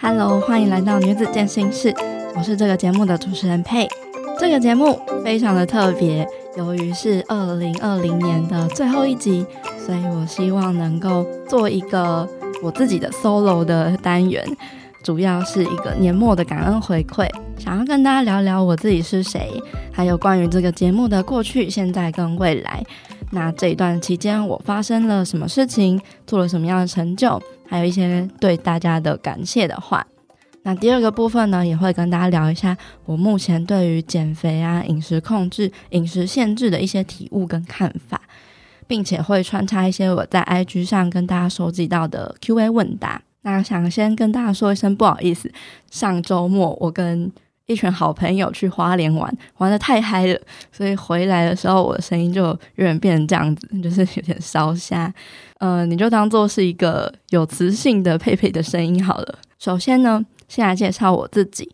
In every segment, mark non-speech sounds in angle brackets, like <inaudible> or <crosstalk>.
Hello，歡迎來到女子健心室。我是這個節目的主持人佩。這個節目非常的特別，由於是二零二零年的最後一集，所以我希望能夠做一個我自己的 solo 的單元。主要是一個年末的感恩回饋，想要跟大家聊聊我自己是誰，還有關於這個節目的過去、現在跟未來。那這一段期間我發生了什麼事情，做了什麼樣的成就，還有一些對大家的感謝的話。那第二個部分呢，也會跟大家聊一下我目前對於減肥啊、飲食控制、飲食限制的一些體悟跟看法，並且會穿插一些我在 IG 上跟大家收集到的 QA 問答。那想先跟大家說一聲不好意思，上周末我跟一群好朋友去花蓮玩，玩得太嗨了，所以回來的時候我的聲音就有點變成這樣子，就是有點燒瞎。嗯、呃，你就當做是一個有磁性的佩佩的聲音好了。首先呢，先來介紹我自己。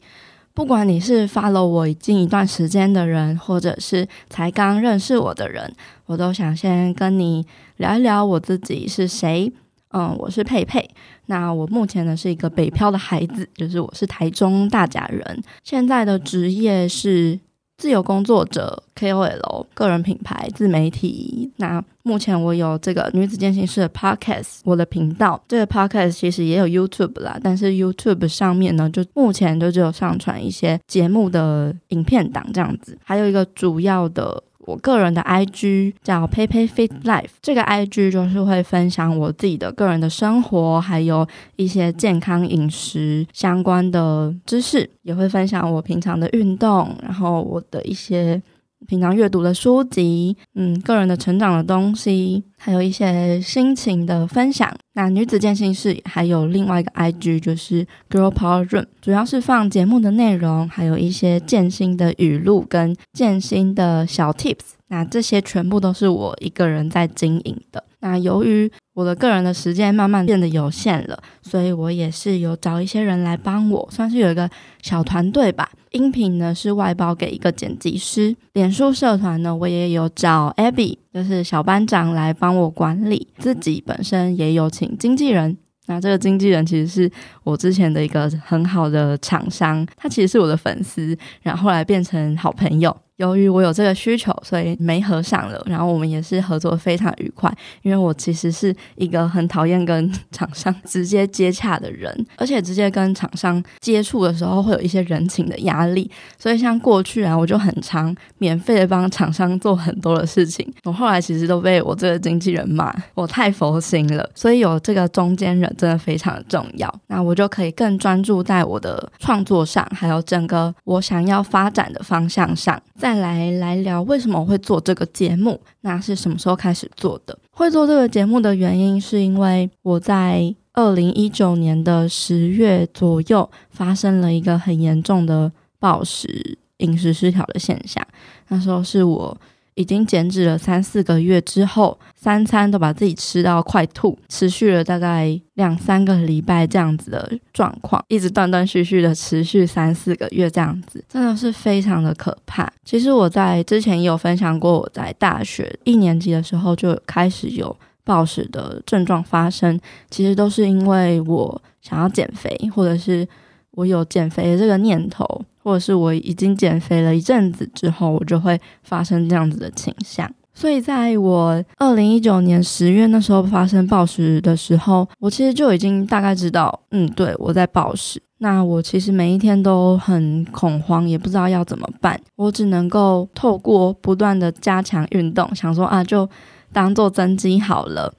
不管你是 follow 我近一段時間的人，或者是才剛認識我的人，我都想先跟你聊一聊我自己是誰。嗯，我是佩佩。那我目前呢是一個北漂的孩子，就是我是台中大甲人。現在的職業是自由工作者、KOL、個人品牌、自媒體。那目前我有這個女子健心室的 Podcast，我的頻道這個 Podcast 其實也有 YouTube 啦，但是 YouTube 上面呢，就目前就只有上傳一些節目的影片檔這樣子。還有一個主要的。我個人的 IG 叫 peipeifitlife，這個 IG 就是會分享我自己的個人的生活，還有一些健康飲食相關的知識，也會分享我平常的運動，然後我的一些。平常閱讀的書籍，嗯，個人的成長的東西，還有一些心情的分享。那女子健心室還有另外一個 IG 就是 Girl Power Room，主要是放節目的內容，還有一些健心的語錄跟健心的小 Tips。那這些全部都是我一個人在經營的。那由於我的個人的時間慢慢變得有限了，所以我也是有找一些人來幫我，算是有一個小團隊吧。音頻呢是外包給一個剪輯師，臉書社團呢我也有找 Abby，就是小班長來幫我管理。自己本身也有請經紀人，那這個經紀人其實是我之前的一個很好的廠商，他其實是我的粉絲，然後後來變成好朋友。由於我有這個需求，所以沒合上了。然後我們也是合作非常愉快，因為我其實是一個很討厭跟廠商直接接洽的人，而且直接跟廠商接觸的時候會有一些人情的壓力。所以像過去啊，我就很常免費的幫廠商做很多的事情。我後來其實都被我這個經紀人罵我太佛心了。所以有這個中間人真的非常的重要，那我就可以更專注在我的創作上，還有整個我想要發展的方向上。再來來聊，為什麼我會做這個節目？那是什麼時候開始做的？會做這個節目的原因，是因為我在二零一九年的十月左右，發生了一個很嚴重的暴食、飲食失調的現象。那時候是我，已經減脂了三四個月之後，三餐都把自己吃到快吐，持續了大概兩三個禮拜這樣子的狀況，一直斷斷續續的持續三四個月這樣子，真的是非常的可怕。其實我在之前也有分享過，我在大學一年級的時候就開始有暴食的症狀發生，其實都是因為我想要減肥，或者是。我有減肥的這個念頭，或者是我已經減肥了一陣子之後，我就會發生這樣子的傾向。所以在我2019年10月那時候發生暴食的時候，我其實就已經大概知道，嗯，對，我在暴食。那我其實每一天都很恐慌，也不知道要怎麼辦。我只能夠透過不斷的加強運動，想說啊，就當做增肌好了。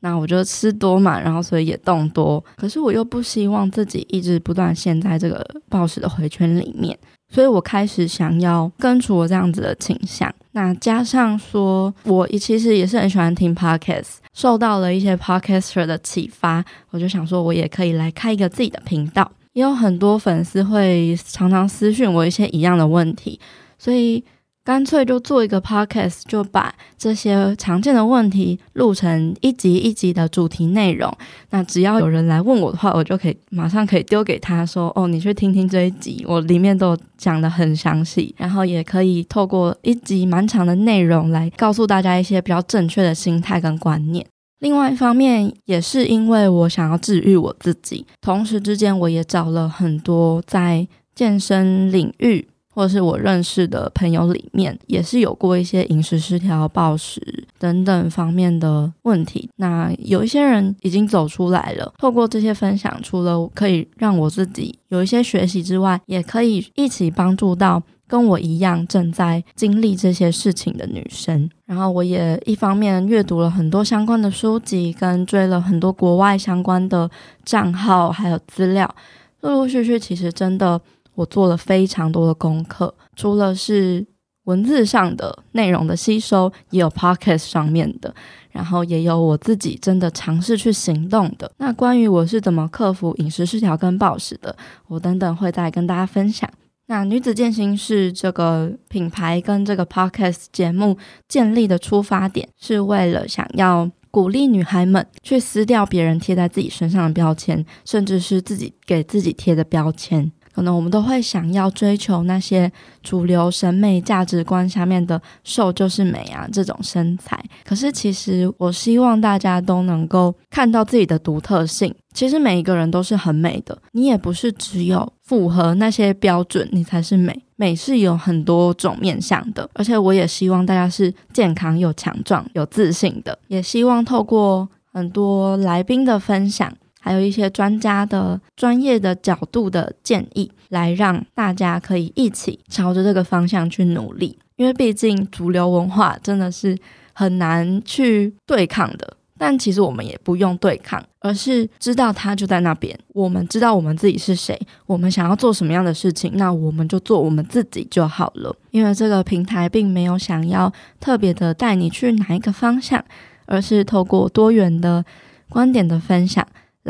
那我覺得吃多嘛，然後所以也動多，可是我又不希望自己一直不斷陷在這個暴食的回圈裡面，所以我開始想要根除我這樣子的傾向。那加上說，我其實也是很喜歡聽 Podcast，受到了一些 Podcaster 的啟發，我就想說我也可以來開一個自己的頻道。也有很多粉絲會常常私訊我一些一樣的問題，所以。乾脆就做一個 podcast，就把這些常見的問題錄成一集一集的主題內容。那只要有人來問我的話，我就可以馬上可以丟給他說：“哦，你去聽聽這一集，我裡面都講的很詳細。”然後也可以透過一集蠻長的內容來告訴大家一些比較正確的心態跟觀念。另外一方面，也是因為我想要治癒我自己，同時之間我也找了很多在健身領域。或者是我認識的朋友裡面，也是有過一些飲食失調、暴食等等方面的問題。那有一些人已經走出來了，透過這些分享，除了可以讓我自己有一些學習之外，也可以一起幫助到跟我一樣正在經歷這些事情的女生。然後我也一方面閱讀了很多相關的書籍，跟追了很多國外相關的賬號還有資料，陸陸續續，其實真的。我做了非常多的功課，除了是文字上的內容的吸收，也有 podcast 上面的，然後也有我自己真的嘗試去行動的。那關於我是怎麼克服飲食失調跟暴食的，我等等會再跟大家分享。那女子健心是這個品牌跟這個 podcast 節目建立的出發點，是為了想要鼓勵女孩們去撕掉別人貼在自己身上的標籤，甚至是自己給自己貼的標籤。可能我們都會想要追求那些主流審美價值觀下面的瘦就是美啊，這種身材，可是其實我希望大家都能夠看到自己的獨特性。其實每一個人都是很美的，你也不是只有符合那些標準你才是美。美是有很多種面向的，而且我也希望大家是健康、有強壯、有自信的。也希望透過很多來賓的分享，還有一些專家的專業的角度的建議，來讓大家可以一起朝着這個方向去努力。因為畢竟主流文化真的是很難去對抗的，但其實我們也不用對抗，而是知道它就在那邊。我們知道我們自己是誰，我們想要做什麼樣的事情，那我們就做我們自己就好了。因為這個平台並沒有想要特別的帶你去哪一個方向，而是透過多元的觀點的分享。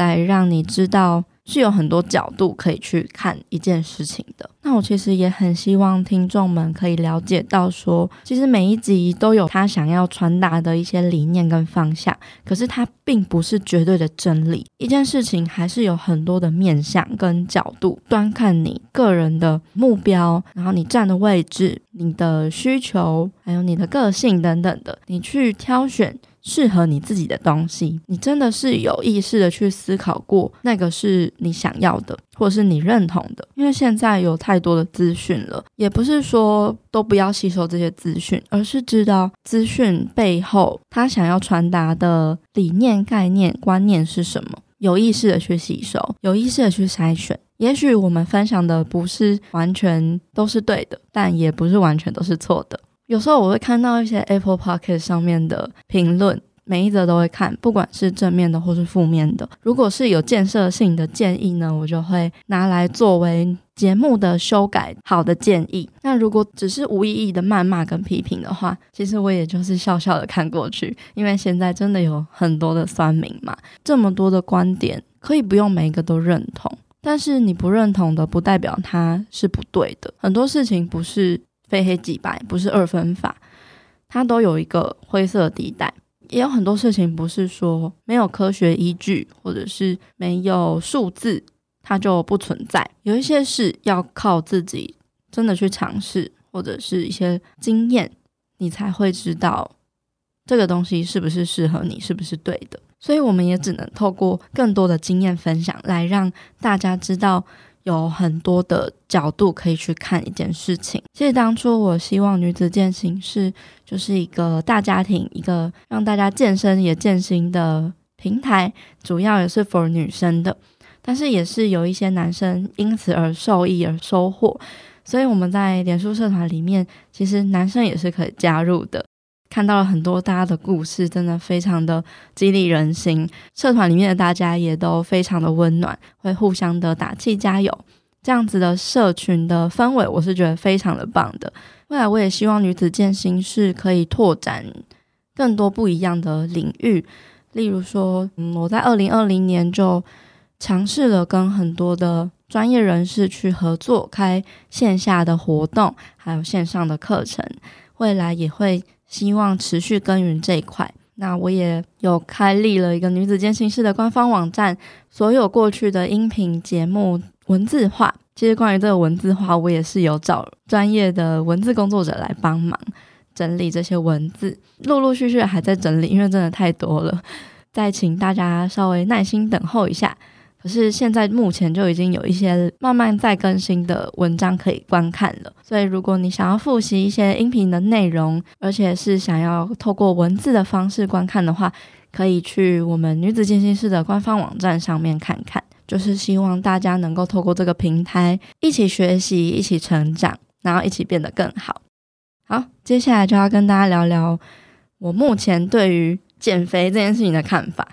來讓你知道是有很多角度可以去看一件事情的。那我其實也很希望聽眾們可以了解到說，說其實每一集都有他想要傳達的一些理念跟方向，可是它並不是絕對的真理。一件事情還是有很多的面向跟角度，端看你個人的目標，然後你站的位置、你的需求，還有你的個性等等的，你去挑選，適合你自己的東西，你真的是有意識的去思考過，那個是你想要的，或是你認同的。因為現在有太多的資訊了，也不是說都不要吸收這些資訊，而是知道資訊背後它想要傳達的理念、概念、觀念是什麼，有意識的去吸收，有意識的去篩選。也許我們分享的不是完全都是對的，但也不是完全都是錯的。有時候我會看到一些 Apple Podcast 上面的評論，每一則都會看，不管是正面的或是負面的。如果是有建設性的建議呢，我就會拿來作為節目的修改，好的建議，那如果只是無意義的謾罵跟批評的話，其實我也就是笑笑的看過去。因為現在真的有很多的酸民嘛，這麼多的觀點，可以不用每一個都認同，但是你不認同的，不代表它是不對的。很多事情不是。非黑即白，不是二分法，它都有一個灰色地帶。也有很多事情不是說沒有科學依據，或者是沒有數字，它就不存在。有一些事要靠自己真的去嘗試，或者是一些經驗，你才會知道這個東西是不是適合你，是不是對的。所以我們也只能透過更多的經驗分享來讓大家知道。有很多的角度可以去看一件事情。其實當初我希望女子健心室就是一個大家庭，一個讓大家健身也健心的平台，主要也是 for 女生的，但是也是有一些男生因此而受益而收穫，所以我們在臉書社團裡面，其實男生也是可以加入的。看到了很多大家的故事，真的非常的激勵人心。社團裡面的大家也都非常的溫暖，會互相的打氣加油，這樣子的社群的氛圍，我是覺得非常的棒的。未來我也希望女子健心室可以拓展更多不一樣的領域，例如說，嗯，我在二零二零年就嘗試了跟很多的專業人士去合作，開線下的活動，還有線上的課程，未來也會。希望持續耕耘這一塊。那我也有開立了一個女子健心室的官方網站，所有過去的音頻節目文字化。其實關於這個文字化，我也是有找專業的文字工作者來幫忙整理這些文字，陸陸續續還在整理，因為真的太多了。再請大家稍微耐心等候一下。可是現在目前就已經有一些慢慢在更新的文章可以觀看了，所以如果你想要複習一些音頻的內容，而且是想要透過文字的方式觀看的話，可以去我們女子健心室的官方網站上面看看。就是希望大家能夠透過這個平台一起學習、一起成長，然後一起變得更好。好，接下來就要跟大家聊聊我目前對於減肥這件事情的看法。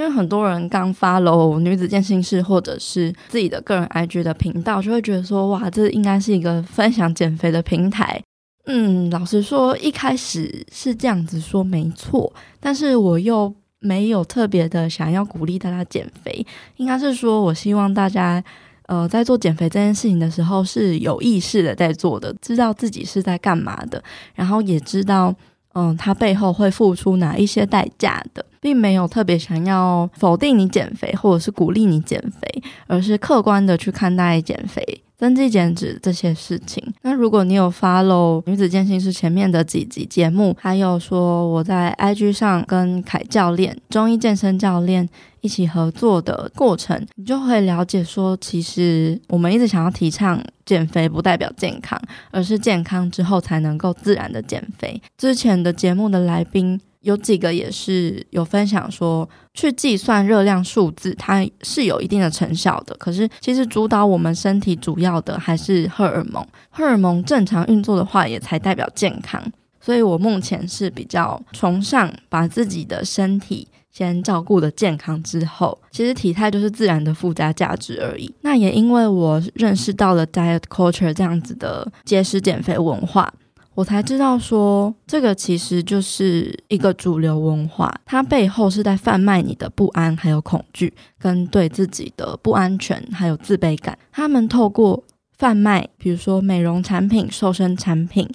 因為很多人剛發了女子健心室，或者是自己的個人 IG 的頻道，就會覺得說：“哇，這應該是一個分享減肥的平台。”嗯，老實說，一開始是這樣子說沒錯，但是我又沒有特別的想要鼓勵大家減肥，應該是說我希望大家，呃，在做減肥這件事情的時候是有意識的在做的，知道自己是在幹嘛的，然後也知道。嗯，他背後會付出哪一些代價的，並沒有特別想要否定你減肥，或者是鼓勵你減肥，而是客觀的去看待減肥，增肌減脂這些事情，那如果你有 follow 女子健心室前面的幾集節目，還有說我在 IG 上跟凱教練、中醫健身教練一起合作的過程，你就會了解說，其實我們一直想要提倡減肥不代表健康，而是健康之後才能夠自然的減肥。之前的節目的來賓，有幾個也是有分享說，去計算熱量數字，它是有一定的成效的。可是，其實主導我們身體主要的還是荷爾蒙，荷爾蒙正常運作的話，也才代表健康。所以我目前是比較崇尚把自己的身體先照顧的健康之後，其實體態就是自然的附加價值而已。那也因為我認識到了 diet culture 這樣子的節食減肥文化。我才知道說，說這個其實就是一個主流文化，它背後是在販賣你的不安、還有恐懼，跟對自己的不安全，還有自卑感。他們透過販賣，比如說美容產品、瘦身產品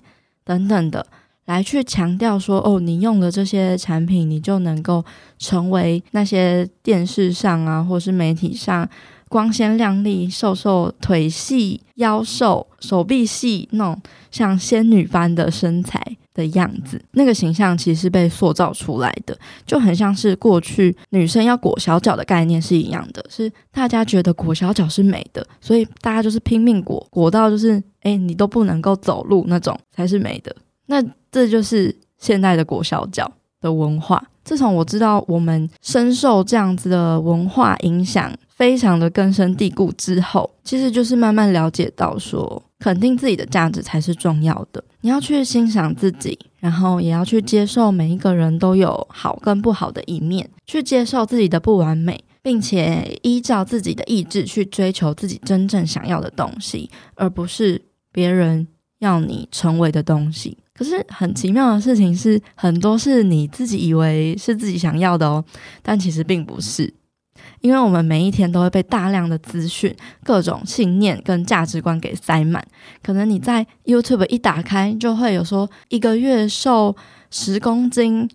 等等的，來去強調說，哦，你用了這些產品，你就能夠成為那些電視上啊，或是媒體上。光鮮亮麗、瘦瘦、腿細、腰瘦、手臂細，那種像仙女般的身材的樣子，那個形象其實是被塑造出來的，就很像是過去女生要裹小腳的概念是一樣的，是大家覺得裹小腳是美的，所以大家就是拼命裹，裹到就是哎、欸，你都不能夠走路那種才是美的。那這就是現代的裹小腳的文化。自從我知道我們深受這樣子的文化影響非常的根深蒂固之後，其實就是慢慢了解到說，說肯定自己的價值才是重要的。你要去欣賞自己，然後也要去接受每一個人都有好跟不好的一面，去接受自己的不完美，並且依照自己的意志去追求自己真正想要的東西，而不是別人要你成為的東西。可是很奇妙的事情是，很多是你自己以為是自己想要的哦，但其實並不是。因為我們每一天都會被大量的資訊、各種信念跟價值觀給塞滿。可能你在 YouTube 一打開，就會有說一個月瘦十公斤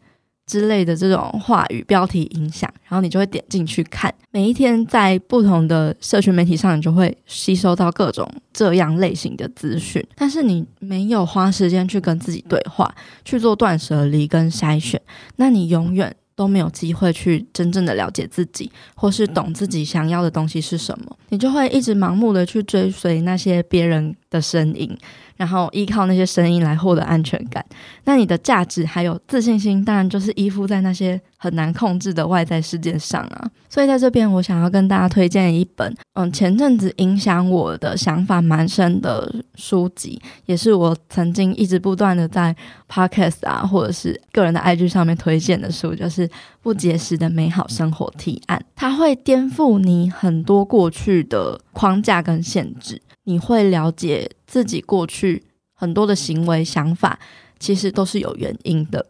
之類的這種話語標題影響，然後你就會點進去看。每一天在不同的社群媒體上，你就會吸收到各種這樣類型的資訊，但是你沒有花時間去跟自己對話，去做斷捨離跟篩選，那你永遠。都沒有機會去真正的了解自己，或是懂自己想要的東西是什麼，你就會一直盲目的去追隨那些別人的身影。然後依靠那些聲音來獲得安全感，那你的價值還有自信心，當然就是依附在那些很難控制的外在事件上啊。所以在這邊，我想要跟大家推薦一本，嗯，前陣子影響我的想法蠻深的書籍，也是我曾經一直不斷的在 podcast 啊，或者是個人的 IG 上面推薦的書，就是《不節食的美好生活提案》。它會顛覆你很多過去的框架跟限制，你會了解。自己過去很多的行為、想法，其實都是有原因的。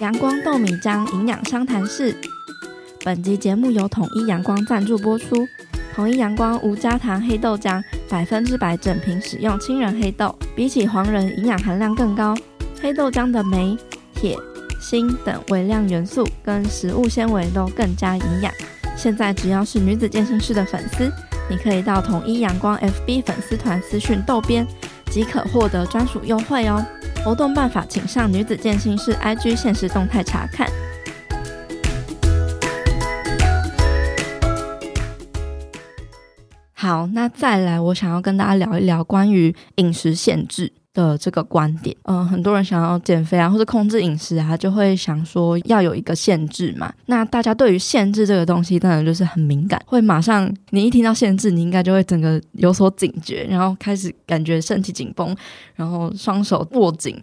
陽光豆米漿營養商談室，本集節目由統一陽光贊助播出。統一陽光無加糖黑豆漿，百分之百整瓶使用青仁黑豆，比起黃仁營養含量更高。黑豆漿的鎂、鐵、鐵鋅等微量元素跟食物纖維都更加營養。現在只要是女子健心室的粉絲，你可以到統一陽光 FB 粉絲團私訊豆編，即可獲得專屬優惠哦。活動辦法請上女子健心室 IG 限時動態查看。好，那再來，我想要跟大家聊一聊關於飲食限制。的這個觀點，嗯、呃，很多人想要減肥啊，或者控制飲食啊，就會想說要有一個限制嘛。那大家對於限制這個東西，當然就是很敏感，會馬上你一聽到限制，你應該就會整個有所警覺，然後開始感覺身體緊繃，然後雙手握緊。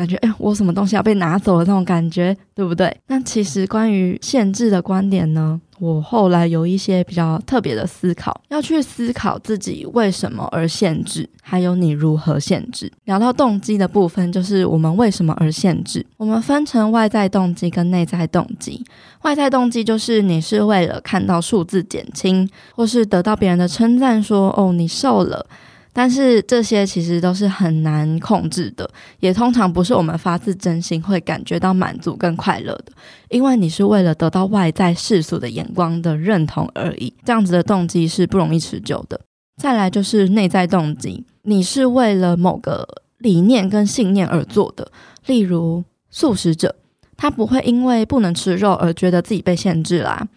感覺誒，我什麼東西要被拿走了那種感覺，對不對？那其實關於限制的觀點呢，我後來有一些比較特別的思考，要去思考自己為什麼而限制，還有你如何限制。聊到動機的部分，就是我們為什麼而限制？我們分成外在動機跟內在動機。外在動機就是你是為了看到數字減輕，或是得到別人的稱讚說，說哦，你瘦了。但是這些其實都是很難控制的，也通常不是我們發自真心會感覺到滿足跟快樂的，因為你是為了得到外在世俗的眼光的認同而已。這樣子的動機是不容易持久的。再來就是內在動機，你是為了某個理念跟信念而做的，例如素食者，他不會因為不能吃肉而覺得自己被限制啦啊。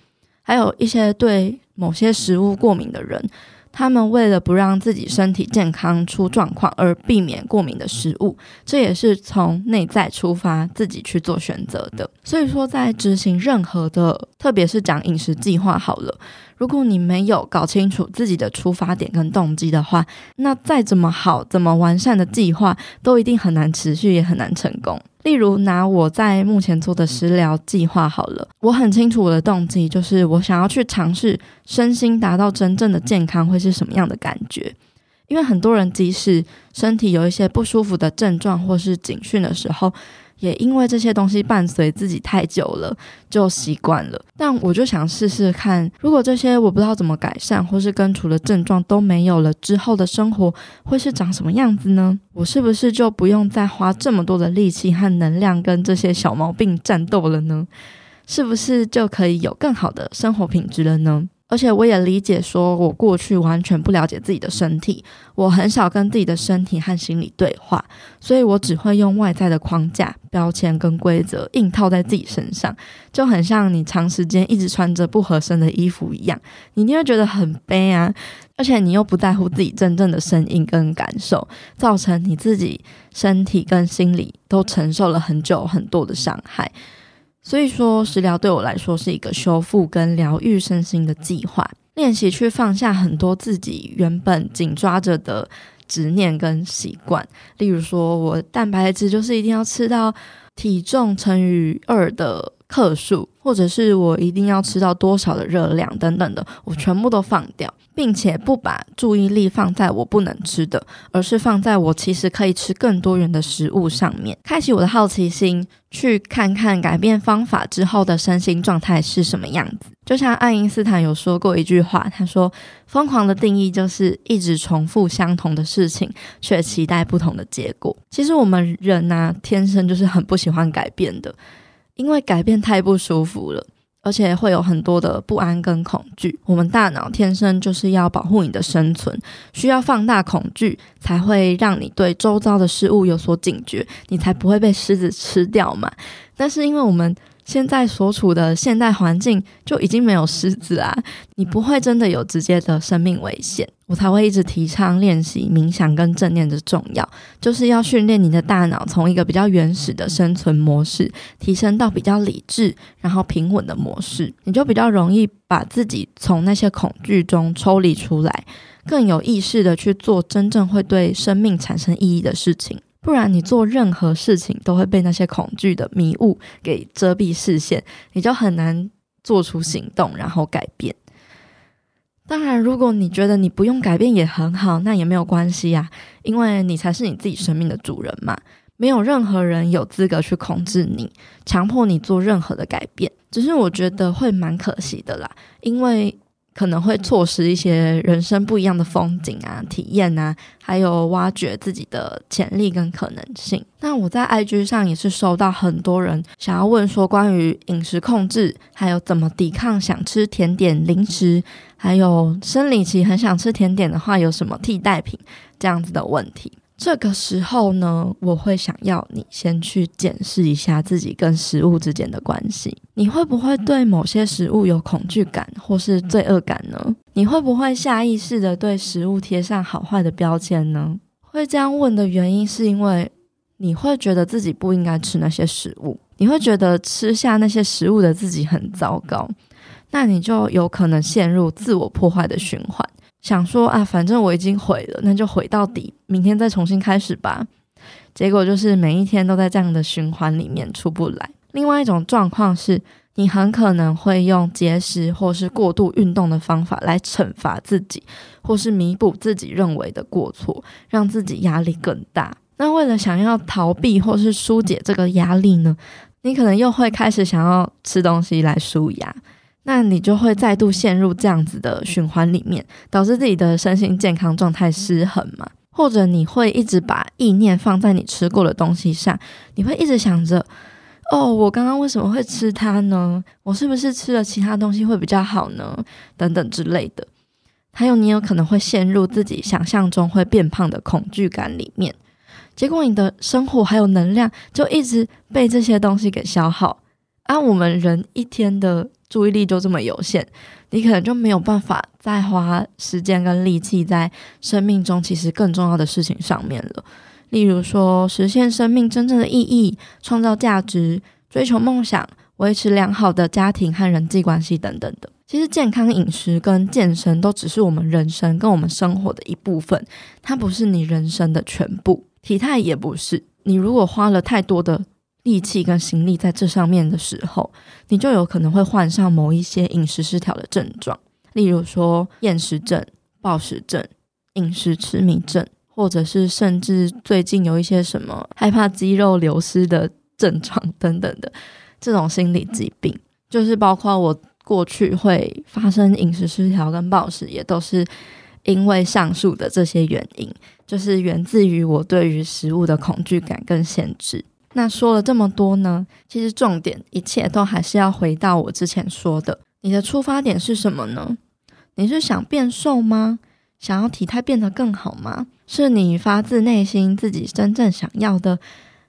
還有一些對某些食物過敏的人。他們為了不讓自己身體健康出狀況而避免過敏的食物，這也是從內在出發自己去做選擇的。所以說，在執行任何的，特別是講飲食計劃好了。如果你沒有搞清楚自己的出發點跟動機的話，那再怎麼好、怎麼完善的計劃，都一定很難持續，也很難成功。例如，拿我在目前做的食療計劃好了，我很清楚我的動機，就是我想要去嘗試身心達到真正的健康會是什麼樣的感覺。因為很多人即使身體有一些不舒服的症狀或是警訊的時候，也因為這些東西伴隨自己太久了，就習慣了。但我就想試試看，如果這些我不知道怎麼改善，或是根除了症狀都沒有了，之後的生活會是長什麼樣子呢？我是不是就不用再花這麼多的力氣和能量跟這些小毛病戰鬥了呢？是不是就可以有更好的生活品質了呢？而且我也理解說，說我過去完全不了解自己的身體，我很少跟自己的身體和心理對話，所以我只會用外在的框架、標籤跟規則硬套在自己身上，就很像你長時間一直穿着不合身的衣服一樣，你一定會覺得很悲啊。而且你又不在乎自己真正的聲音跟感受，造成你自己身體跟心理都承受了很久很多的傷害。所以說，食療對我來說是一個修復跟療癒身心的計劃，練習去放下很多自己原本緊抓着的執念跟習慣，例如說，我蛋白質就是一定要吃到體重乘以二的克數，或者是我一定要吃到多少的熱量等等的，我全部都放掉，並且不把注意力放在我不能吃的，而是放在我其實可以吃更多元的食物上面，開啟我的好奇心，去看看改變方法之後的身心狀態是什麼樣子。就像愛因斯坦有說過一句話，他說：“瘋狂的定義就是一直重複相同的事情，卻期待不同的結果。”其實我們人吶、啊，天生就是很不喜歡改變的。因為改變太不舒服了，而且會有很多的不安跟恐懼。我們大腦天生就是要保護你的生存，需要放大恐懼才會讓你對周遭的事物有所警覺，你才不會被獅子吃掉嘛。但是因為我們現在所處的現代環境就已經沒有獅子啊，你不會真的有直接的生命危險。我才會一直提倡練習冥想跟正念的重要，就是要訓練你的大腦從一個比較原始的生存模式，提升到比較理智、然後平穩的模式。你就比較容易把自己從那些恐懼中抽離出來，更有意識地去做真正會對生命產生意義的事情。不然，你做任何事情都會被那些恐懼的迷霧給遮蔽視線，你就很難做出行動，然後改變。當然，如果你覺得你不用改變也很好，那也沒有關係呀、啊，因為你才是你自己生命的主人嘛，沒有任何人有資格去控制你，強迫你做任何的改變。只是我覺得會蠻可惜的啦，因為可能會錯失一些人生不一樣的風景啊、體驗啊，還有挖掘自己的潛力跟可能性。那我在 IG 上也是收到很多人想要問說關於飲食控制，還有怎麼抵抗想吃甜點、零食。還有生理期很想吃甜點的話，有什麼替代品？這樣子的問題，這個時候呢，我會想要你先去檢視一下自己跟食物之間的關係。你會不會對某些食物有恐懼感或是罪惡感呢？你會不會下意識地對食物貼上好壞的標籤呢？會這樣問的原因，是因為你會覺得自己不應該吃那些食物，你會覺得吃下那些食物的自己很糟糕，那你就有可能陷入自我破壞的循環，想說啊，反正我已經毀了，那就毀到底，明天再重新開始吧。結果就是每一天都在這樣的循環裡面出不來。另外一種狀況是你很可能會用節食或是過度運動的方法來懲罰自己，或是彌補自己認為的過錯，讓自己壓力更大。那為了想要逃避或是疏解這個壓力呢，你可能又會開始想要吃東西來舒壓。那你就會再度陷入這樣子的循環裡面，導致自己的身心健康狀態失衡嘛，或者你會一直把意念放在你吃過的東西上，你會一直想着，哦，我剛剛為什麼會吃它呢？我是不是吃了其他東西會比較好呢？等等之類的。還有，你有可能會陷入自己想象中會變胖的恐懼感裡面，結果你的生活還有能量就一直被這些東西給消耗啊！我們人一天的。注意力就這麼有限，你可能就沒有辦法再花時間跟力氣在生命中其實更重要的事情上面了。例如說，實現生命真正的意義、創造價值、追求夢想、維持良好的家庭和人際關係等等的。其實，健康飲食跟健身都只是我們人生跟我們生活的一部分，它不是你人生的全部，體態也不是。你如果花了太多的力氣跟心力在這上面的時候，你就有可能會患上某一些飲食失調的症狀，例如說厭食症、暴食症、飲食癡迷症，或者是甚至最近有一些什麼害怕肌肉流失的症狀等等的這種心理疾病，就是包括我過去會發生飲食失調跟暴食，也都是因為上述的這些原因，就是源自於我對於食物的恐懼感跟限制。那說了這麼多呢，其實重點一切都還是要回到我之前說的，你的出發點是什麼呢？你是想變瘦嗎？想要體態變得更好嗎？是你發自內心自己真正想要的，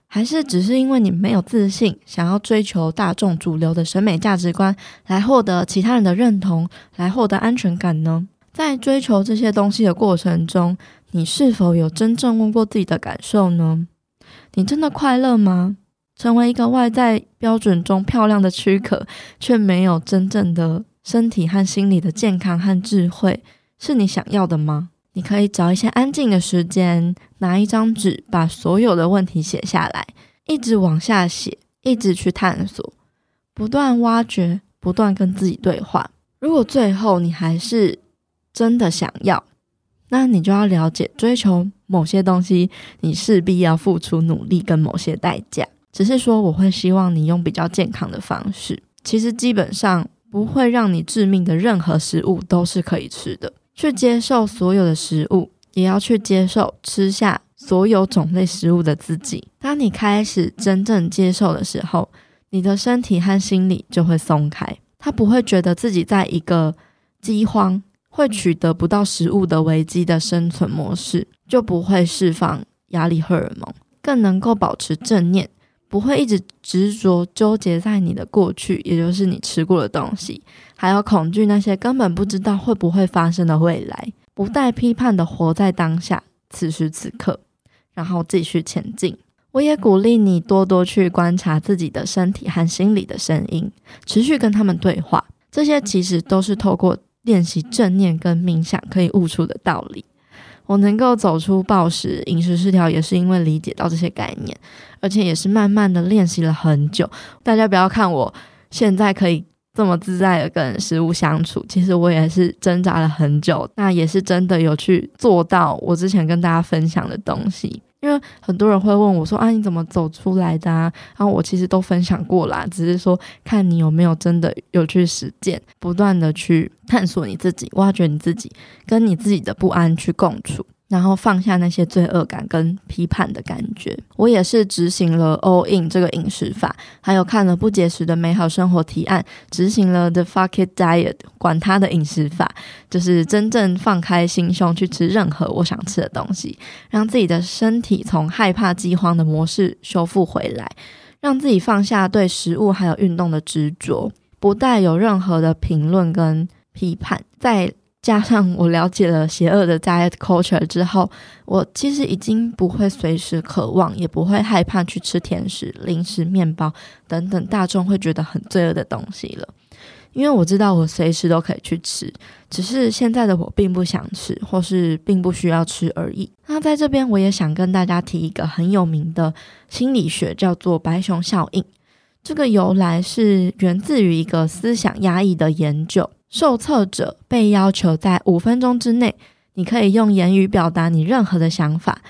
還是只是因為你沒有自信，想要追求大眾主流的審美價值觀，來獲得其他人的認同，來獲得安全感呢？在追求這些東西的過程中，你是否有真正問過自己的感受呢？你真的快樂嗎？成為一個外在標準中漂亮的軀殼，卻沒有真正的身體和心理的健康和智慧，是你想要的嗎？你可以找一些安靜的時間，拿一張紙，把所有的問題寫下來，一直往下寫，一直去探索，不斷挖掘，不斷跟自己對話。如果最後你還是真的想要，那你就要了解、追求。某些東西，你勢必要付出努力跟某些代價。只是說，我會希望你用比較健康的方式。其實基本上不會讓你致命的任何食物都是可以吃的。去接受所有的食物，也要去接受吃下所有種類食物的自己。當你開始真正接受的時候，你的身體和心理就會鬆開，他不會覺得自己在一個饑荒。會取得不到食物的危機的生存模式，就不會釋放壓力荷爾蒙，更能夠保持正念，不會一直執着糾結在你的過去，也就是你吃過的東西，還有恐懼那些根本不知道會不會發生的未來，不帶批判的活在當下，此時此刻，然後繼續前進。我也鼓勵你多多去觀察自己的身體和心理的聲音，持續跟他們對話。這些其實都是透過。練習正念跟冥想可以悟出的道理。我能夠走出暴食、飲食失調，也是因為理解到這些概念，而且也是慢慢的練習了很久。大家不要看我現在可以這麼自在的跟食物相處，其實我也是掙扎了很久，那也是真的有去做到我之前跟大家分享的東西。因為很多人會問我說：“啊，你怎麼走出來的啊？”然後，啊，我其實都分享過啦，只是說看你有沒有真的有去實踐，不斷的去探索你自己，挖掘你自己，跟你自己的不安去共處。然後放下那些罪惡感跟批判的感覺，我也是執行了 All In 這個飲食法，還有看了不節食的美好生活提案，執行了 The Fuck It Diet，管他的飲食法，就是真正放開心胸去吃任何我想吃的東西，讓自己的身體從害怕饑荒的模式修復回來，讓自己放下對食物還有運動的執着，不帶有任何的評論跟批判，在。加上我了解了邪惡的 diet culture 之後，我其實已經不會隨時渴望，也不會害怕去吃甜食、零食、麵包等等大眾會覺得很罪惡的東西了。因為我知道我隨時都可以去吃，只是現在的我並不想吃，或是並不需要吃而已。那在這邊我也想跟大家提一個很有名的心理學，叫做白熊效應。這個由來是源自於一個思想壓抑的研究。受測者被要求在五分鐘之內，你可以用言語表達你任何的想法，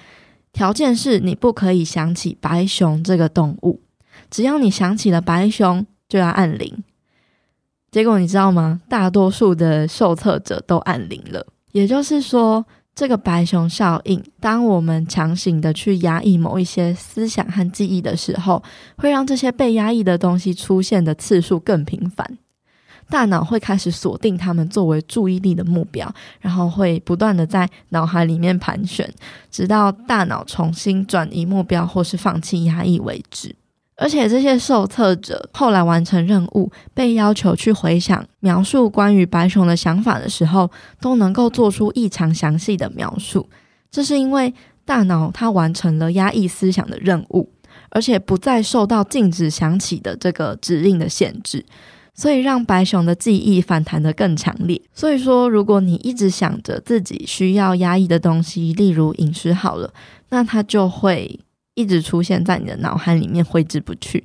條件是你不可以想起白熊這個動物，只要你想起了白熊就要按鈴。結果你知道嗎？大多數的受測者都按鈴了，也就是說，這個白熊效應，當我們強行的去壓抑某一些思想和記憶的時候，會讓這些被壓抑的東西出現的次數更頻繁。大腦會開始鎖定他們作為注意力的目標，然後會不斷的在腦海裡面盤旋，直到大腦重新轉移目標或是放棄壓抑為止。而且這些受測者後來完成任務，被要求去回想描述關於白熊的想法的時候，都能夠做出異常詳細的描述。這是因為大腦它完成了壓抑思想的任務，而且不再受到禁止想起的這個指令的限制。所以讓白熊的記憶反彈得更強烈。所以說，如果你一直想着自己需要壓抑的東西，例如飲食好了，那它就會一直出現在你的腦海裡面揮之不去，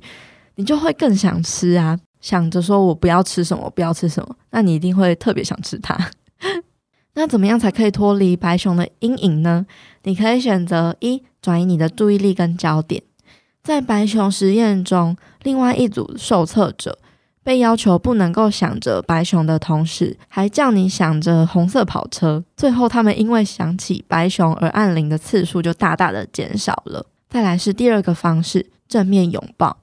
你就會更想吃啊，想着說我不要吃什麼，我不要吃什麼，那你一定會特別想吃它。 <laughs> 那怎麼樣才可以脫離白熊的陰影呢？你可以選擇一、轉移你的注意力跟焦點。在白熊實驗中，另外一組受測者。被要求不能夠想着白熊的同時，還叫你想着紅色跑車。最後，他們因為想起白熊而按鈴的次數就大大的減少了。再來是第二個方式：正面擁抱。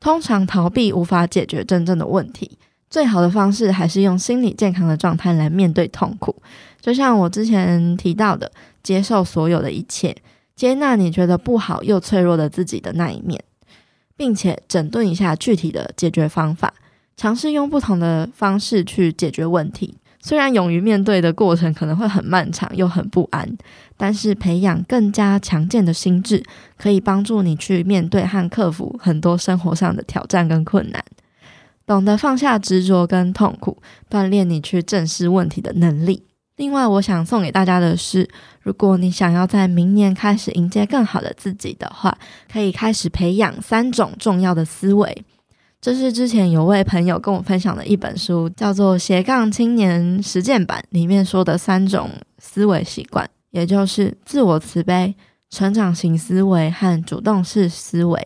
通常逃避無法解決真正的問題，最好的方式還是用心理健康的狀態來面對痛苦。就像我之前提到的，接受所有的一切，接納你覺得不好又脆弱的自己的那一面，並且整頓一下具體的解決方法。嘗試用不同的方式去解決問題，雖然勇於面對的過程可能會很漫長又很不安，但是培養更加強健的心智，可以幫助你去面對和克服很多生活上的挑戰跟困難。懂得放下執着跟痛苦，鍛鍊你去正視問題的能力。另外，我想送給大家的是，如果你想要在明年開始迎接更好的自己的話，可以開始培養三種重要的思維。這是之前有位朋友跟我分享的一本書，叫做《斜槓青年實踐版》，裡面說的三種思維習慣，也就是自我慈悲、成長型思維和主動式思維。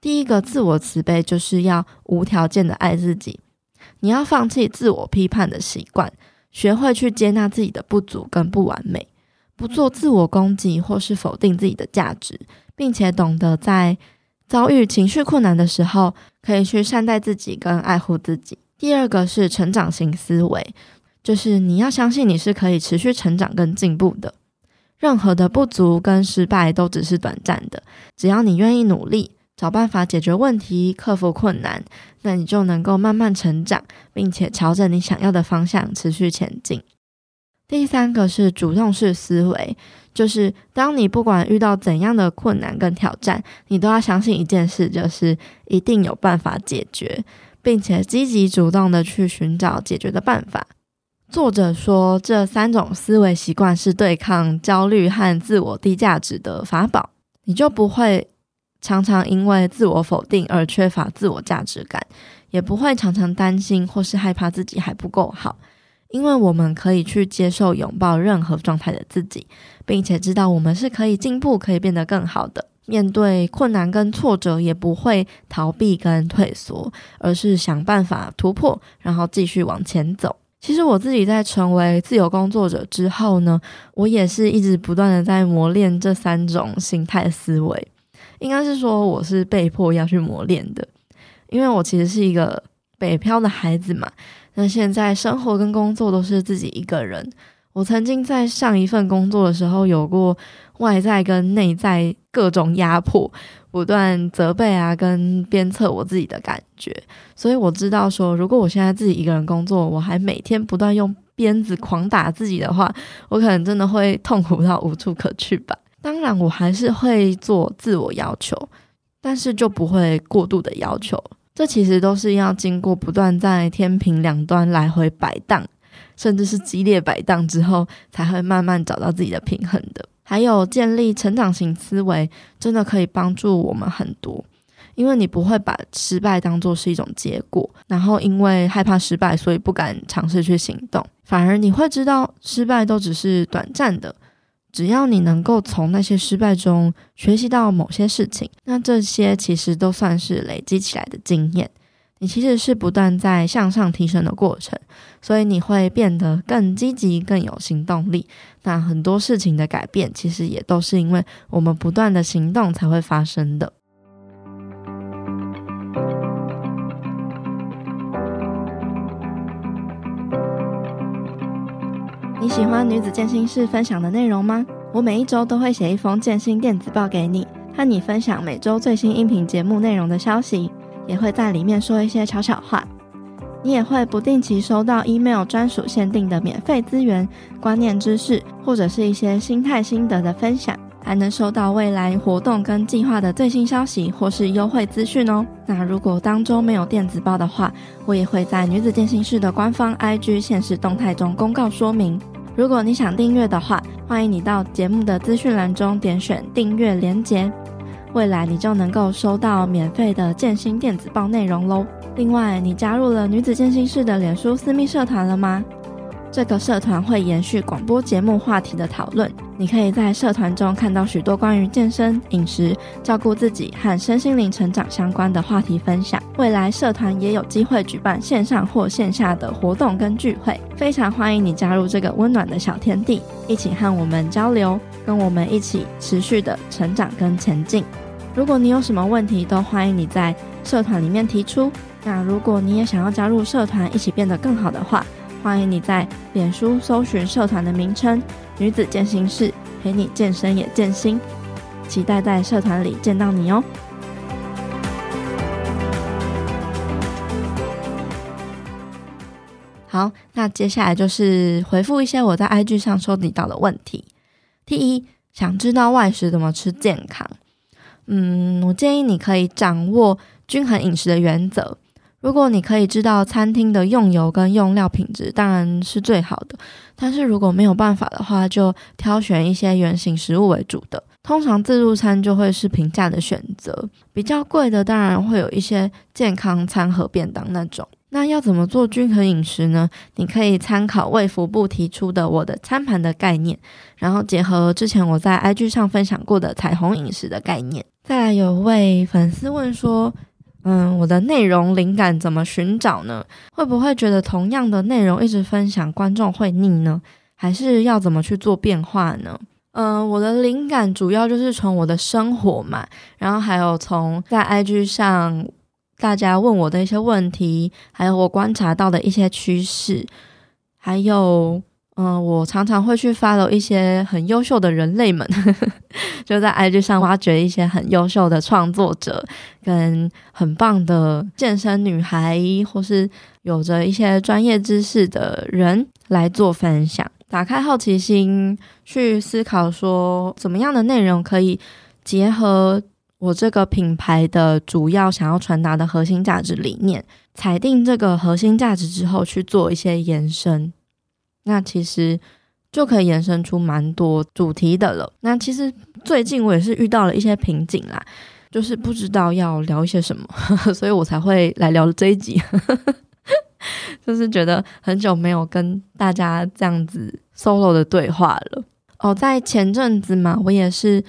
第一個，自我慈悲就是要無條件的愛自己，你要放棄自我批判的習慣，學會去接納自己的不足跟不完美，不做自我攻擊或是否定自己的價值，並且懂得在。遭遇情緒困難的時候，可以去善待自己跟愛護自己。第二個是成長型思維，就是你要相信你是可以持續成長跟進步的。任何的不足跟失敗都只是短暫的，只要你願意努力，找辦法解決問題、克服困難，那你就能夠慢慢成長，並且朝着你想要的方向持續前進。第三個是主動式思維。就是當你不管遇到怎樣的困難跟挑戰，你都要相信一件事，就是一定有辦法解決，並且積極主動地去尋找解決的辦法。作者說，這三種思維習慣是對抗焦慮和自我低價值的法寶。你就不會常常因為自我否定而缺乏自我價值感，也不會常常擔心或是害怕自己還不夠好，因為我們可以去接受擁抱任何狀態的自己。並且知道我們是可以進步、可以變得更好的。面對困難跟挫折，也不會逃避跟退縮，而是想辦法突破，然後繼續往前走。其實我自己在成為自由工作者之後呢，我也是一直不斷的在磨練這三種心態思維。應該是說，我是被迫要去磨練的，因為我其實是一個北漂的孩子嘛。那現在生活跟工作都是自己一個人。我曾經在上一份工作的時候，有過外在跟內在各種壓迫，不斷責備啊，跟鞭策我自己的感覺。所以我知道說，如果我現在自己一個人工作，我還每天不斷用鞭子狂打自己的話，我可能真的會痛苦到無處可去吧。當然，我還是會做自我要求，但是就不會過度的要求。這其實都是要經過不斷在天平兩端來回擺盪。甚至是激烈擺盪之後，才會慢慢找到自己的平衡的。還有，建立成長型思維，真的可以幫助我們很多，因為你不會把失敗當做是一種結果，然後因為害怕失敗，所以不敢嘗試去行動，反而你會知道失敗都只是短暫的。只要你能夠從那些失敗中學習到某些事情，那這些其實都算是累積起來的經驗。你其實是不斷在向上提升的過程，所以你會變得更積極、更有行動力。那很多事情的改變，其實也都是因為我們不斷的行動才會發生的。你喜歡女子健心室分享的內容嗎？我每一周都會寫一封健心電子報給你，和你分享每周最新音頻節目內容的消息。也會在裡面說一些悄悄話，你也會不定期收到 email 專屬限定的免費資源、觀念知識，或者是一些心態心得的分享，還能收到未來活動跟計劃的最新消息或是優惠資訊哦。那如果當週沒有電子報的話，我也會在女子健心室的官方 IG 限時動態中公告說明。如果你想訂閱的話，歡迎你到節目的資訊欄中點選訂閱連結。未來你就能夠收到免費的健心電子報內容嘍。另外，你加入了女子健心室的臉書私密社團了嗎？這個社團會延續廣播節目話題的討論，你可以在社團中看到許多關於健身、飲食、照顧自己和身心靈成長相關的話題分享。未來社團也有機會舉辦線上或線下的活動跟聚會，非常歡迎你加入這個溫暖的小天地，一起和我們交流，跟我們一起持續的成長跟前進。如果你有什麼問題，都歡迎你在社團裡面提出。那如果你也想要加入社團，一起變得更好的話，歡迎你在臉書搜尋社團的名稱“女子健心室”，陪你健身也健心。期待在社團裡見到你哦。好，那接下來就是回復一些我在 IG 上收集到的問題。第一，想知道外食怎麼吃健康。嗯，我建議你可以掌握均衡飲食的原則。如果你可以知道餐廳的用油跟用料品質，當然是最好的。但是如果沒有辦法的話，就挑選一些原型食物為主的。通常自助餐就會是平價的選擇，比較貴的當然會有一些健康餐盒、便當那種。那要怎麼做均衡飲食呢？你可以參考衛福部提出的“我的餐盤”的概念，然後結合之前我在 IG 上分享過的彩虹飲食的概念。再來有位粉絲問說：“嗯，我的內容靈感怎麼尋找呢？會不會覺得同樣的內容一直分享，觀眾會膩呢？還是要怎麼去做變化呢？”嗯，我的靈感主要就是從我的生活嘛，然後還有從在 IG 上。大家問我的一些問題，還有我觀察到的一些趨勢，還有，嗯、呃，我常常會去 follow 一些很優秀的人類們， <laughs> 就在 IG 上挖掘一些很優秀的創作者，跟很棒的健身女孩，或是有着一些專業知識的人來做分享，打開好奇心去思考說怎麼樣的內容可以結合。我這個品牌的主要想要傳達的核心價值理念，裁定這個核心價值之後去做一些延伸，那其實就可以延伸出蠻多主題的了。那其實最近我也是遇到了一些瓶頸啦，就是不知道要聊一些什麼，呵呵，所以我才會來聊這一集呵呵，就是覺得很久沒有跟大家這樣子 solo 的對話了。哦，在前陣子嘛，我也是。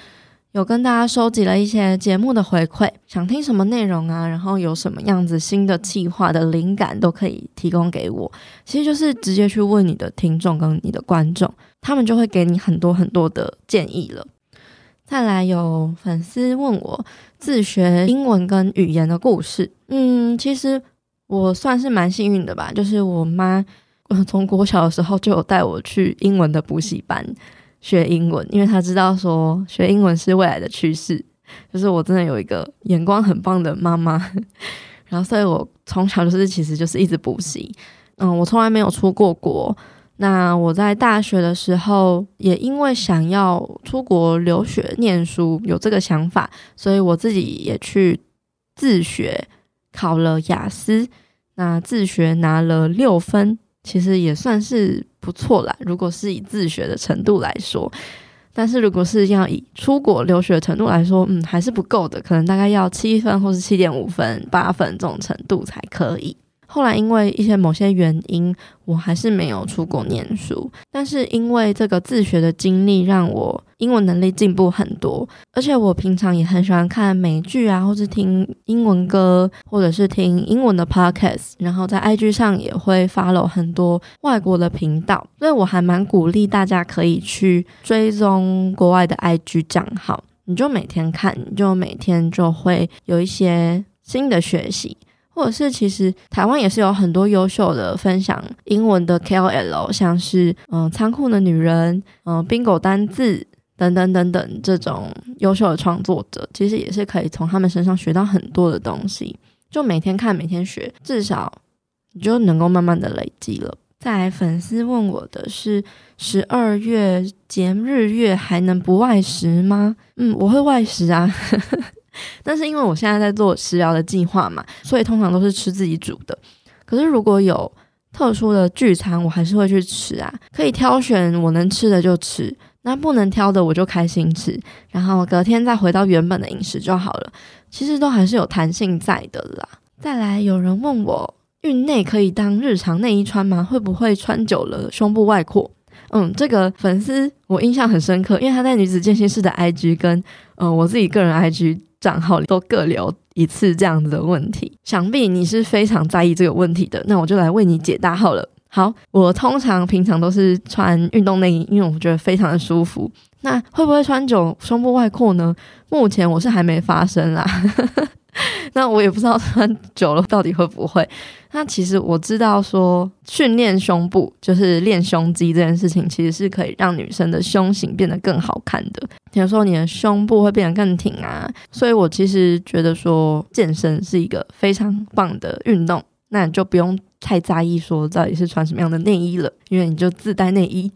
有跟大家收集了一些節目的回饋，想聽什麼內容啊？然後有什麼樣子新的計劃的靈感都可以提供給我。其實就是直接去問你的聽眾跟你的觀眾，他們就會給你很多很多的建議了。再來，有粉絲問我自學英文跟語言的故事。嗯，其實我算是蠻幸運的吧，就是我媽嗯，從國小的時候就有帶我去英文的補習班。學英文，因為他知道說學英文是未來的趨勢，就是我真的有一個眼光很棒的媽媽， <laughs> 然後所以我從小就是其實就是一直補習，嗯，我從來沒有出過國。那我在大學的時候，也因為想要出國留學念書，有這個想法，所以我自己也去自學，考了雅思，那自學拿了六分，其實也算是。不錯啦，如果是以自學的程度來說，但是如果是要以出國留學的程度來說，嗯，還是不夠的，可能大概要七分或是七點五分、八分這種程度才可以。後來因為一些某些原因，我還是沒有出國念書。但是因為這個自學的經歷，讓我英文能力進步很多。而且我平常也很喜歡看美劇啊，或是聽英文歌，或者是聽英文的 podcast。然後在 IG 上也會 follow 很多外國的頻道，所以我還蠻鼓勵大家可以去追蹤國外的 IG 賬號。你就每天看，你就每天就會有一些新的學習。或者是其實台灣也是有很多優秀的分享英文的 KOL，像是嗯，呃，倉庫的女人，嗯，賓狗單字等等等等這種優秀的創作者，其實也是可以從他們身上學到很多的東西。就每天看，每天學，至少你就能夠慢慢的累積了。再來，粉絲問我的是十二月節日月，還能不外食嗎？嗯，我會外食啊。 <laughs> 但是因為我現在在做食療的計劃嘛，所以通常都是吃自己煮的。可是如果有特殊的聚餐，我還是會去吃啊，可以挑選我能吃的就吃，那不能挑的我就開心吃，然後隔天再回到原本的飲食就好了。其實都還是有彈性在的啦。再來，有人問我孕內可以當日常內衣穿嗎？會不會穿久了胸部外擴？嗯，這個粉絲我印象很深刻，因為他在女子健心室的 IG 跟呃我自己個人 IG。賬號裡都各留一次這樣子的問題，想必你是非常在意這個問題的，那我就來為你解答好了。好，我通常平常都是穿運動內衣，因為我覺得非常的舒服。那會不會穿久胸部外擴呢？目前我是還沒發生啦， <laughs> 那我也不知道穿久了到底會不會。那其實我知道說，訓練胸部就是練胸肌這件事情，其實是可以讓女生的胸型變得更好看的。比如說你的胸部會變得更挺啊，所以我其實覺得說健身是一個非常棒的運動，那你就不用太在意說到底是穿什麼樣的內衣了，因為你就自帶內衣，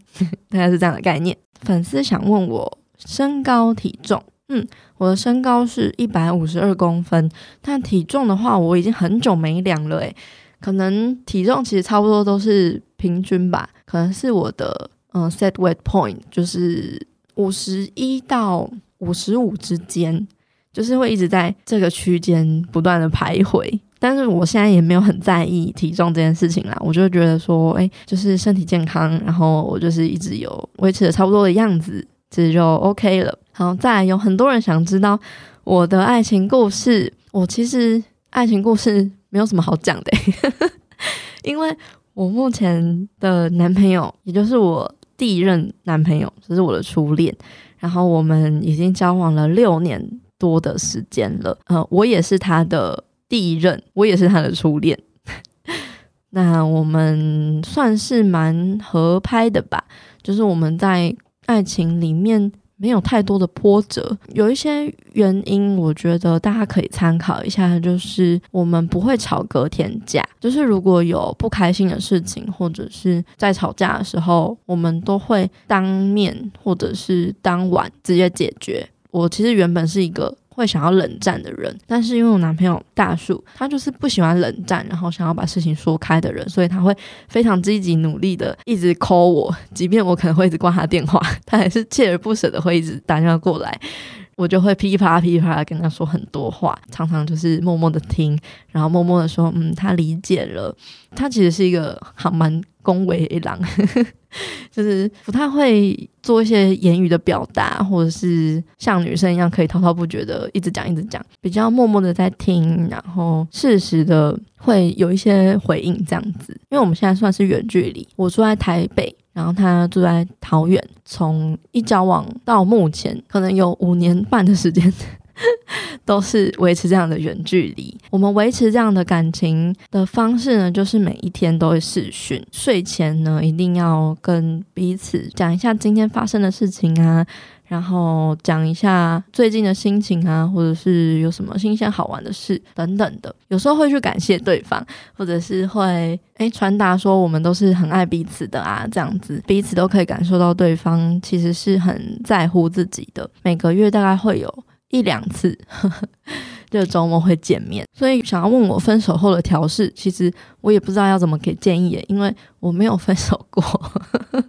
大概是這樣的概念。粉絲想問我身高體重，嗯，我的身高是一百五十二公分，但體重的話我已經很久沒量了誒、欸，可能體重其實差不多都是平均吧，可能是我的嗯、呃、set weight point 就是。五十一到五十五之間，就是會一直在這個區間不斷的徘徊。但是我現在也沒有很在意體重這件事情啦，我就覺得說，哎、欸，就是身體健康，然後我就是一直有維持的差不多的樣子，其實就 OK 了。好，再來有很多人想知道我的愛情故事，我其實愛情故事沒有什麼好講的、欸， <laughs> 因為我目前的男朋友，也就是我。第一任男朋友，這、就是我的初戀，然後我們已經交往了六年多的時間了。呃，我也是他的第一任，我也是他的初戀， <laughs> 那我們算是蠻合拍的吧？就是我們在愛情裡面。沒有太多的波折，有一些原因，我覺得大家可以參考一下，就是我們不會吵隔天架。就是如果有不開心的事情或者是在吵架的時候，我們都會當面或者是當晚直接解決。我其實原本是一個會想要冷戰的人，但是因為我男朋友大樹，他就是不喜歡冷戰，然後想要把事情說開的人，所以他會非常積極努力的一直 call 我，即便我可能會一直掛他電話，他還是鍥而不舍的會一直打電話過來，我就會噼啪噼啪噼跟他說很多話，常常就是默默的聽，然後默默的說，嗯，他理解了，他其實是一個還蠻恭維的一郎。 <laughs> 就是不太會做一些言語的表達，或者是像女生一樣可以滔滔不絕的一直講一直講，比較默默的在聽，然後適時的會有一些回應這樣子。因為我們現在算是遠距離，我住在台北，然後他住在桃園，從一交往到目前可能有五年半的時間。 <laughs> 都是維持這樣的遠距離。我們維持這樣的感情的方式呢，就是每一天都會視訊。睡前呢，一定要跟彼此講一下今天發生的事情啊，然後講一下最近的心情啊，或者是有什麼新鮮好玩的事等等的。有時候會去感謝對方，或者是會欸傳達說我們都是很愛彼此的啊，這樣子彼此都可以感受到對方其實是很在乎自己的。每個月大概會有。一兩次呵呵，就周末會見面，所以想要問我分手後的調適，其實我也不知道要怎麼給建議，因為我沒有分手過呵呵，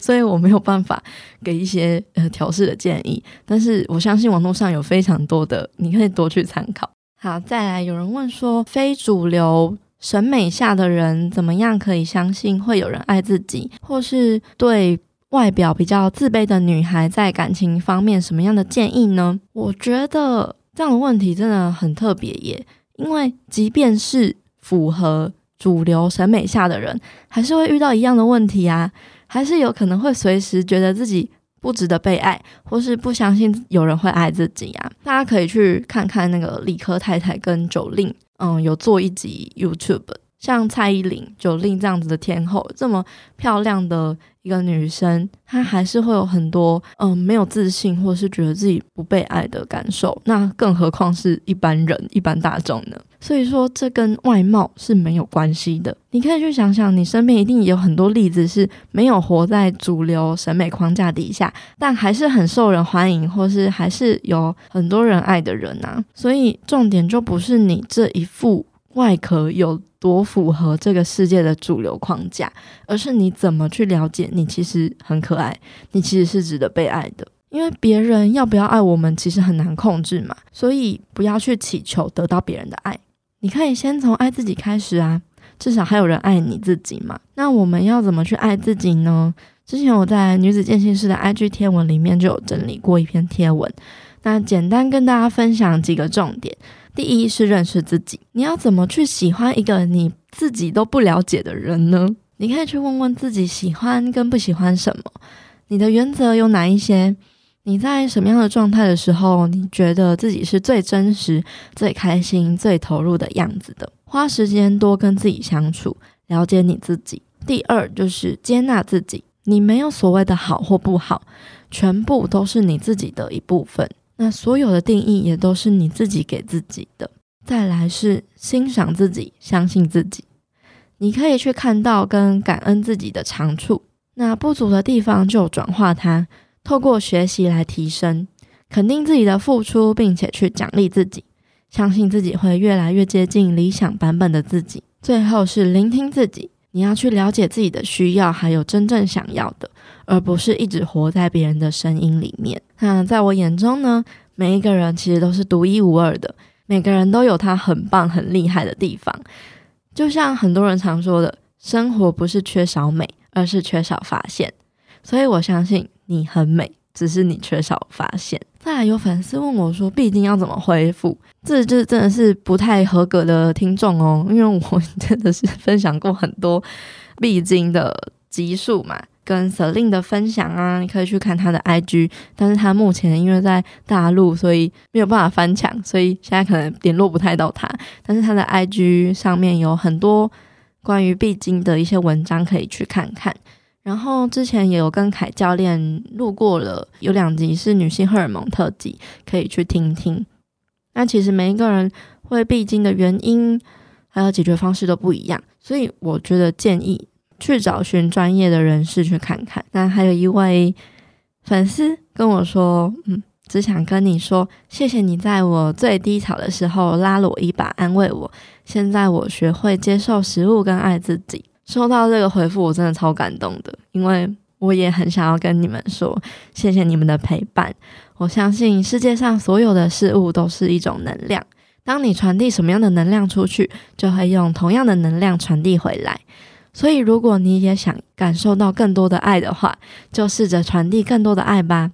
所以我沒有辦法給一些呃調適的建議。但是我相信網絡上有非常多的，你可以多去參考。好，再來有人問說，非主流審美下的人怎麼樣可以相信會有人愛自己，或是對。外表比較自卑的女孩在感情方面什麼樣的建議呢？我覺得這樣的問題真的很特別耶，因為即便是符合主流審美下的人，還是會遇到一樣的問題啊，還是有可能會隨時覺得自己不值得被愛，或是不相信有人會愛自己啊。大家可以去看看那個理科太太跟 Jolin，嗯，有做一集 YouTube。像蔡依林、Jolin 這樣子的天後，這麼漂亮的一個女生，她還是會有很多嗯沒有自信，或是覺得自己不被愛的感受。那更何況是一般人、一般大眾呢？所以說，這跟外貌是沒有關係的。你可以去想想，你身邊一定也有很多例子是沒有活在主流審美框架底下，但還是很受人歡迎，或是還是有很多人愛的人吶、啊。所以重點就不是你這一副。外殼有多符合這個世界的主流框架，而是你怎麼去了解你其實很可愛，你其實是值得被愛的。因為別人要不要愛我們，其實很難控制嘛，所以不要去祈求得到別人的愛。你可以先從愛自己開始啊，至少還有人愛你自己嘛。那我們要怎麼去愛自己呢？之前我在女子健心室的 IG 貼文裡面就有整理過一篇貼文，那簡單跟大家分享幾個重點。第一是認識自己，你要怎麼去喜歡一個你自己都不了解的人呢？你可以去問問自己，喜歡跟不喜歡什麼？你的原則有哪一些？你在什麼樣的狀態的時候，你覺得自己是最真實、最開心、最投入的樣子的？花時間多跟自己相處，了解你自己。第二就是接納自己，你沒有所謂的好或不好，全部都是你自己的一部分。那所有的定義也都是你自己給自己的。再來是欣賞自己，相信自己。你可以去看到跟感恩自己的長處，那不足的地方就轉化它，透過學習來提升，肯定自己的付出，並且去獎勵自己，相信自己會越來越接近理想版本的自己。最後是聆聽自己，你要去了解自己的需要，還有真正想要的。而不是一直活在別人的聲音裡面。那在我眼中呢，每一個人其實都是獨一無二的，每個人都有他很棒、很厲害的地方。就像很多人常說的，生活不是缺少美，而是缺少發現。所以我相信你很美，只是你缺少發現。再來有粉絲問我說：“閉經要怎麼恢復？”這這真的是不太合格的聽眾哦，因為我真的是分享過很多閉經的集數嘛。跟瑟琳的分享啊，你可以去看他的 IG，但是他目前因為在大陸，所以沒有辦法翻牆，所以現在可能聯絡不太到他。但是他的 IG 上面有很多關於閉經的一些文章可以去看看。然後之前也有跟凱教練錄過了，有兩集是女性荷爾蒙特輯，可以去聽聽。那其實每一個人會閉經的原因還有解決方式都不一樣，所以我覺得建議。去找尋專業的人士去看看。那還有一位粉絲跟我說：“嗯，只想跟你說，謝謝你在我最低潮的時候拉了我一把，安慰我。現在我學會接受食物跟愛自己。”收到這個回復，我真的超感動的，因為我也很想要跟你們說，謝謝你們的陪伴。我相信世界上所有的事物都是一種能量，當你傳遞什麼樣的能量出去，就會用同樣的能量傳遞回來。所以，如果你也想感受到更多的愛的話，就試着傳遞更多的愛吧。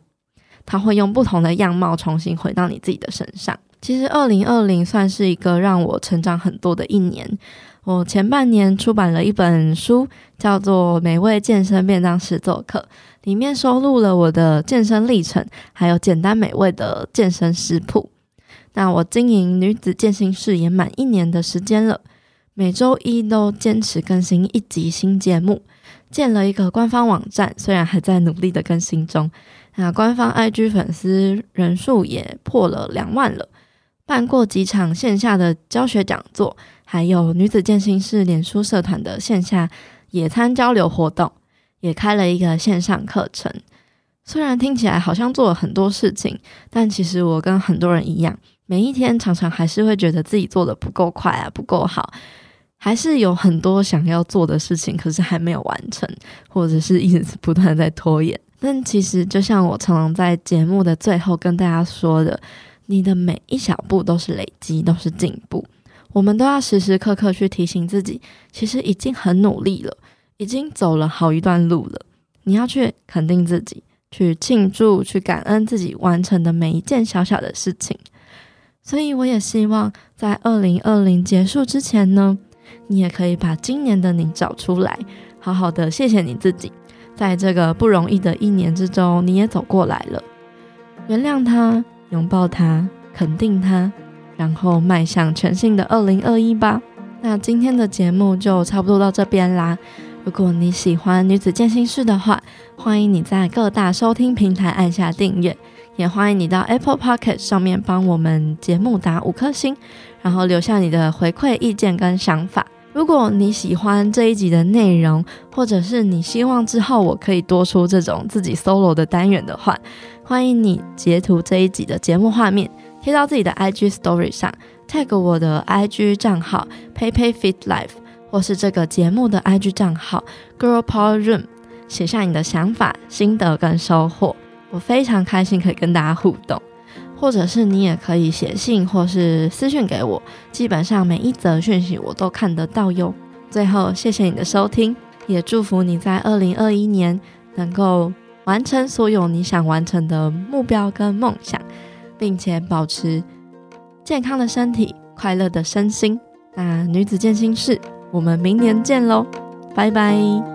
它會用不同的樣貌重新回到你自己的身上。其實，二零二零算是一個讓我成長很多的一年。我前半年出版了一本書，叫做《美味健身便當實作課》，裡面收錄了我的健身歷程，還有簡單美味的健身食譜。那我經營女子健心室也滿一年的時間了。每週一都堅持更新一集新節目，建了一個官方網站，雖然還在努力的更新中。那、啊、官方 IG 粉絲人數也破了兩萬了。辦過幾場線下的教學講座，還有女子健心室臉書社團的線下野餐交流活動，也開了一個線上課程。雖然聽起來好像做了很多事情，但其實我跟很多人一樣，每一天常常還是會覺得自己做的不夠快啊，不夠好。還是有很多想要做的事情，可是還沒有完成，或者是一直是不斷在拖延。但其實，就像我常常在節目的最後跟大家說的，你的每一小步都是累積，都是進步。我們都要時時刻刻去提醒自己，其實已經很努力了，已經走了好一段路了。你要去肯定自己，去慶祝，去感恩自己完成的每一件小小的事情。所以，我也希望在二零二零結束之前呢。你也可以把今年的你找出來，好好的謝謝你自己，在這個不容易的一年之中，你也走過來了。原諒他，擁抱他，肯定他，然後邁向全新的二零二一吧。那今天的節目就差不多到這邊啦。如果你喜歡《女子健心室》的話，歡迎你在各大收聽平台按下訂閱，也歡迎你到 Apple Podcast 上面幫我們節目打五顆星，然後留下你的回饋意見跟想法。如果你喜歡這一集的內容，或者是你希望之後我可以多出這種自己 solo 的單元的話，歡迎你截圖這一集的節目畫面，貼到自己的 IG Story 上，tag 我的 IG 賬號 peipeifitlife 或是這個節目的 IG 賬號 Girl Power Room，寫下你的想法、心得跟收穫，我非常開心可以跟大家互動。或者是你也可以寫信或是私訊給我，基本上每一則訊息我都看得到喲。最後，謝謝你的收聽，也祝福你在二零二一年能夠完成所有你想完成的目標跟夢想，並且保持健康的身體、快樂的身心。那女子健心室，我們明年見嘍，拜拜。